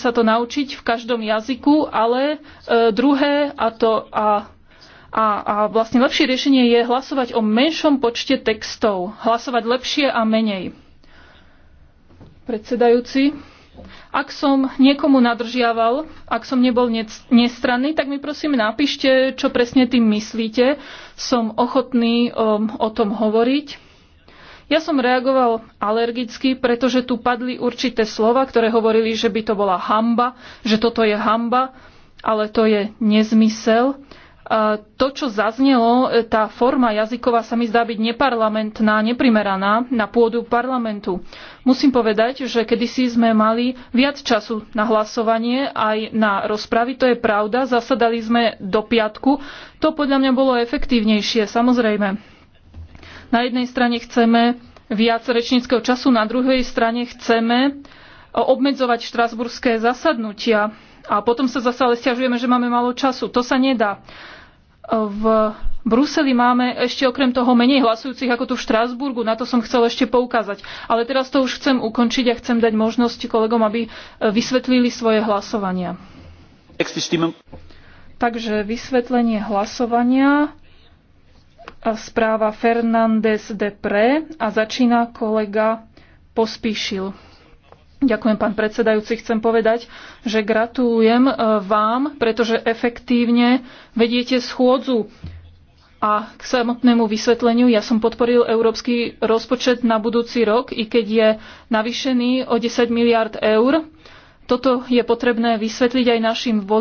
sa to naučiť v každom jazyku, ale e, druhé a to a a, a vlastne lepšie riešenie je hlasovať o menšom počte textov. Hlasovať lepšie a menej. Predsedajúci, ak som niekomu nadržiaval, ak som nebol nestranný, tak mi prosím napíšte, čo presne tým myslíte. Som ochotný um, o tom hovoriť. Ja som reagoval alergicky, pretože tu padli určité slova, ktoré hovorili, že by to bola hamba, že toto je hamba, ale to je nezmysel. A to, čo zaznelo, e, tá forma jazyková sa mi zdá byť neparlamentná, neprimeraná na pôdu parlamentu. Musím povedať, že kedysi sme mali viac času na hlasovanie aj na rozpravy, to je pravda, zasadali sme do piatku, to podľa mňa bolo efektívnejšie, samozrejme. Na jednej strane chceme viac rečníckého času. Na druhej strane chceme obmedzovať štrasburské zasadnutia a potom sa zase ale stiažujeme, že máme málo času. To sa nedá. V Bruseli máme ešte okrem toho menej hlasujúcich ako tu v Štrásburgu. Na to som chcel ešte poukázať. Ale teraz to už chcem ukončiť a chcem dať možnosť kolegom, aby vysvetlili svoje hlasovania. Takže vysvetlenie hlasovania správa Fernández de Pre a začína kolega Pospíšil. Ďakujem, pán predsedajúci. Chcem povedať, že gratulujem e, vám, pretože efektívne vediete schôdzu. A k samotnému vysvetleniu, ja som podporil európsky rozpočet na budúci rok, i keď je navýšený o 10 miliard eur. Toto je potrebné vysvetliť aj našim voličom.